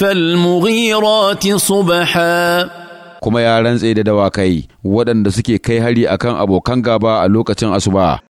فالمغيرات صبحا kuma ya rantse da dawakai waɗanda suke kai hari akan abokan gaba a lokacin asuba